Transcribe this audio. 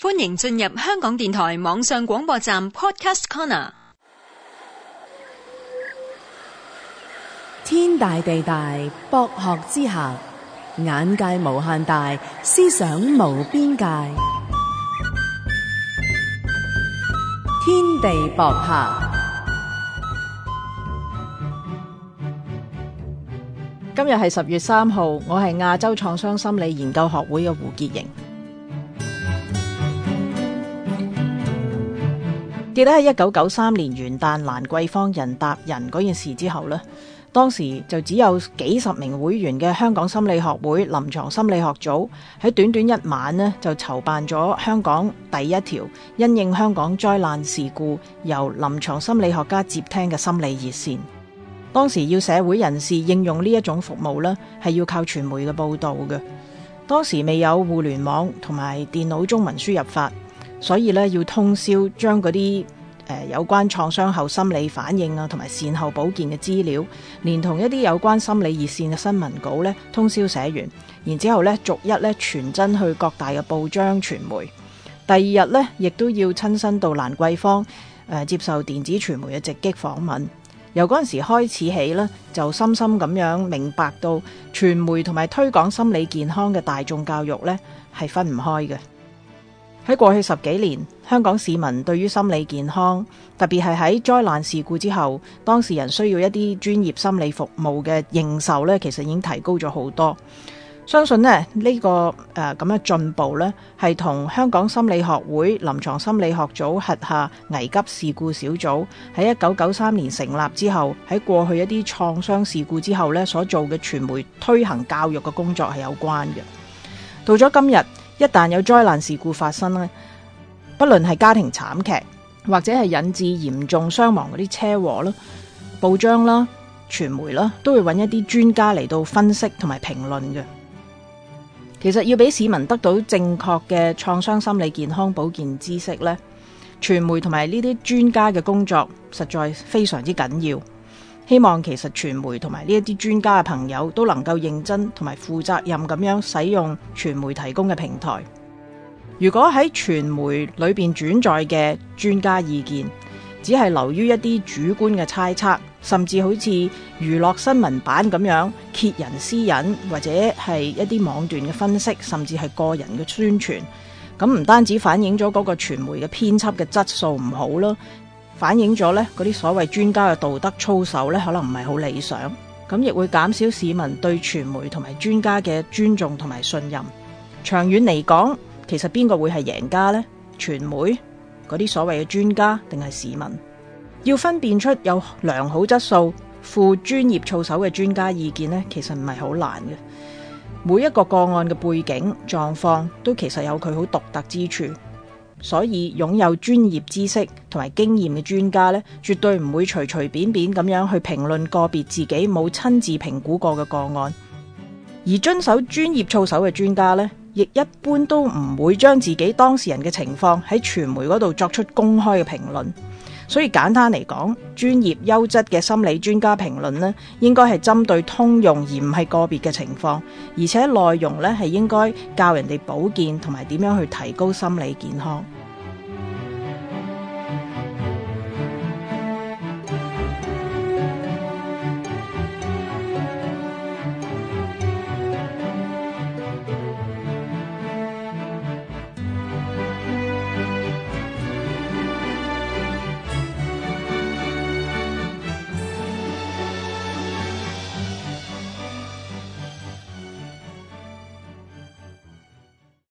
歡迎進入香港電台網上廣播站 Podcast Corner。天大地大，博學之下，眼界無限大，思想無邊界。天地博客。今日係十月三號，我係亞洲創傷心理研究學會嘅胡潔瑩。記得喺一九九三年元旦蘭桂坊人踏人嗰件事之後呢，當時就只有幾十名會員嘅香港心理學會臨床心理學組，喺短短一晚呢，就籌辦咗香港第一條因應香港災難事故由臨床心理學家接聽嘅心理熱線。當時要社會人士應用呢一種服務呢，係要靠傳媒嘅報道嘅。當時未有互聯網同埋電腦中文輸入法。所以咧，要通宵將嗰啲誒有關創傷後心理反應啊，同埋善後保健嘅資料，連同一啲有關心理熱線嘅新聞稿咧，通宵寫完，然之後咧，逐一咧傳真去各大嘅報章傳媒。第二日咧，亦都要親身到蘭桂坊誒、呃、接受電子傳媒嘅直擊訪問，由嗰陣時開始起咧，就深深咁樣明白到傳媒同埋推廣心理健康嘅大眾教育咧，係分唔開嘅。喺過去十幾年，香港市民對於心理健康，特別係喺災難事故之後，當事人需要一啲專業心理服務嘅認受咧，其實已經提高咗好多。相信咧、這個呃、呢個誒咁嘅進步咧，係同香港心理學會臨床心理學組轄下危急事故小組喺一九九三年成立之後，喺過去一啲創傷事故之後咧所做嘅傳媒推行教育嘅工作係有關嘅。到咗今日。一旦有災難事故發生呢，不論係家庭慘劇，或者係引致嚴重傷亡嗰啲車禍啦、報章啦、傳媒啦，都會揾一啲專家嚟到分析同埋評論嘅。其實要俾市民得到正確嘅創傷心理健康保健知識呢，傳媒同埋呢啲專家嘅工作實在非常之緊要。希望其實傳媒同埋呢一啲專家嘅朋友都能夠認真同埋負責任咁樣使用傳媒提供嘅平台。如果喺傳媒裏邊轉載嘅專家意見，只係流於一啲主觀嘅猜測，甚至好似娛樂新聞版咁樣揭人私隱，或者係一啲網段嘅分析，甚至係個人嘅宣傳，咁唔單止反映咗嗰個傳媒嘅編輯嘅質素唔好咯。反映咗咧，嗰啲所謂專家嘅道德操守咧，可能唔係好理想，咁亦會減少市民對傳媒同埋專家嘅尊重同埋信任。長遠嚟講，其實邊個會，係贏家咧？傳媒嗰啲所謂嘅專家，定係市民？要分辨出有良好質素、負專業操守嘅專家意見咧，其實唔係好難嘅。每一個個案嘅背景狀況都其實有佢好獨特之處。所以擁有專業知識同埋經驗嘅專家咧，絕對唔會隨隨便便咁樣去評論個別自己冇親自評估過嘅個案，而遵守專業操守嘅專家咧，亦一般都唔會將自己當事人嘅情況喺傳媒嗰度作出公開嘅評論。所以簡單嚟講，專業優質嘅心理專家評論呢，應該係針對通用而唔係個別嘅情況，而且內容呢係應該教人哋保健同埋點樣去提高心理健康。